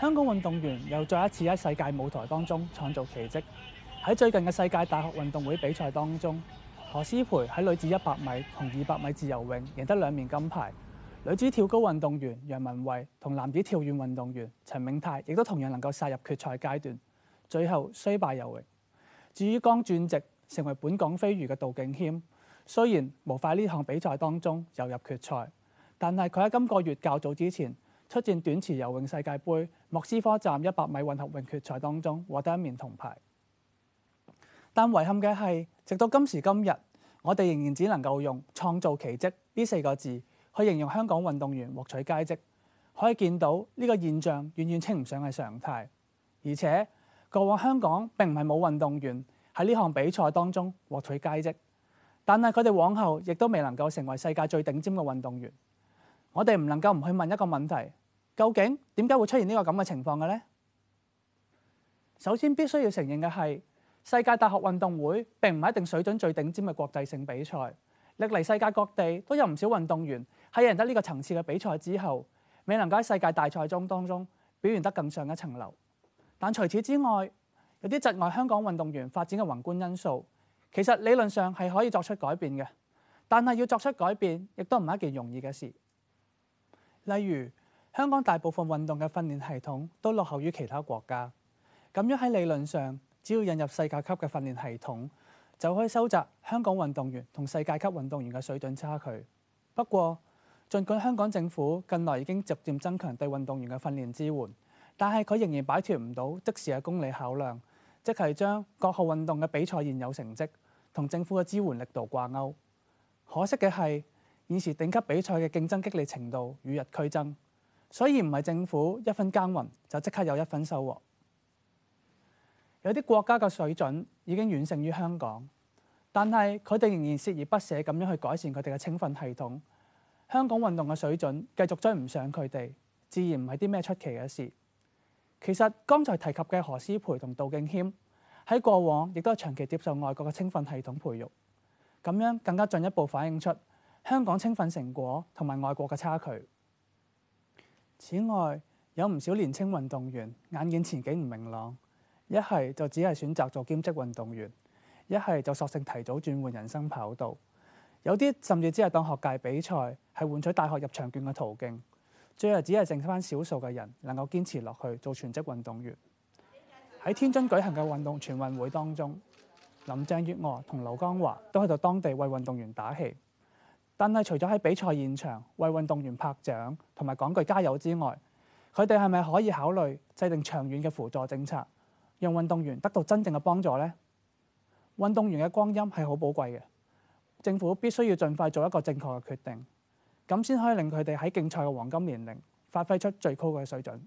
香港運動員又再一次喺世界舞台當中創造奇蹟。喺最近嘅世界大學運動會比賽當中，何詩蓓喺女子一百米同二百米自由泳贏得兩面金牌。女子跳高運動員楊文蔚同男子跳遠運動員陳銘泰亦都同樣能夠殺入決賽階段，最後雖敗猶榮。至於剛轉籍成為本港飛魚嘅杜敬謙，雖然無法呢項比賽當中游入決賽，但係佢喺今個月較早之前，出戰短池游泳世界盃莫斯科站一百米混合泳決賽當中，獲得一面銅牌。但遺憾嘅係，直到今時今日，我哋仍然只能夠用創造奇蹟呢四個字去形容香港運動員獲取佳績。可以見到呢個現象遠遠稱唔上係常態。而且過往香港並唔係冇運動員喺呢項比賽當中獲取佳績，但係佢哋往後亦都未能夠成為世界最頂尖嘅運動員。我哋唔能夠唔去問一個問題。究竟點解會出現呢個咁嘅情況嘅呢？首先必須要承認嘅係世界大學運動會並唔係一定水準最頂尖嘅國際性比賽。歷嚟世界各地都有唔少運動員喺贏得呢個層次嘅比賽之後，未能喺世界大賽中當中表現得更上一層樓。但除此之外，有啲窒礙香港運動員發展嘅宏觀因素，其實理論上係可以作出改變嘅，但係要作出改變亦都唔係一件容易嘅事。例如，香港大部分運動嘅訓練系統都落後於其他國家，咁樣喺理論上，只要引入世界級嘅訓練系統，就可以收窄香港運動員同世界級運動員嘅水準差距。不過，儘管香港政府近來已經逐漸增強對運動員嘅訓練支援，但係佢仍然擺脱唔到即時嘅功利考量，即係將各項運動嘅比賽現有成績同政府嘅支援力度掛鈎。可惜嘅係，現時頂級比賽嘅競爭激烈程度與日俱增。所以唔係政府一分耕耘就即刻有一分收穫。有啲國家嘅水準已經遠勝於香港，但係佢哋仍然鍥而不捨咁樣去改善佢哋嘅青訓系統。香港運動嘅水準繼續追唔上佢哋，自然唔係啲咩出奇嘅事。其實剛才提及嘅何詩蓓同杜敬謙喺過往亦都係長期接受外國嘅青訓系統培育，咁樣更加進一步反映出香港青訓成果同埋外國嘅差距。此外，有唔少年青運動員眼見前景唔明朗，一係就只係選擇做兼職運動員，一係就索性提早轉換人生跑道，有啲甚至只係當學界比賽係換取大學入場券嘅途徑，最後只係剩返少數嘅人能夠堅持落去做全職運動員。喺天津舉行嘅運動全運會當中，林鄭月娥同劉江華都去到當地為運動員打氣。但係除咗喺比賽現場為運動員拍掌同埋講句加油之外，佢哋係咪可以考慮制定長遠嘅輔助政策，讓運動員得到真正嘅幫助呢？運動員嘅光陰係好寶貴嘅，政府必須要盡快做一個正確嘅決定，咁先可以令佢哋喺競賽嘅黃金年齡發揮出最高嘅水準。